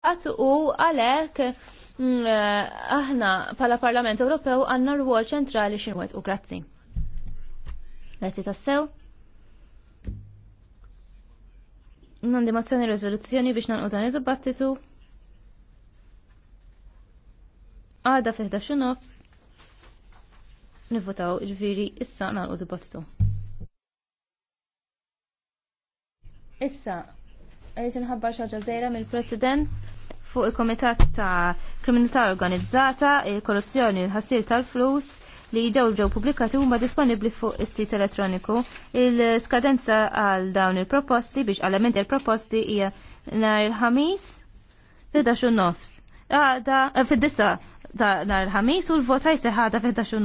għatu u għalek mm, eh, aħna pala Parlament Ewropew għanna rwol ċentrali xinwet u grazzi. Grazzi tassew. Nandi mozzjoni rezoluzzjoni biex nanqu dan id-dibattitu. Għada fi 11 nofs. Nivvotaw ġviri issa u dibattitu. Issa, Irġin ħabbar xaġa zejra mill-President fuq il-Komitat ta' Kriminalità Organizzata, il-Korruzzjoni, il-ħassir tal-flus li ġew ġew pubblikati huma disponibbli fuq is-sit elettroniku. Il-skadenza għal dawn il-proposti biex għal il-proposti hija nhar il-ħamis fil nofs. Għada eh, fid-disa ta' nhar il-ħamis u l-vota jseħħada fil-11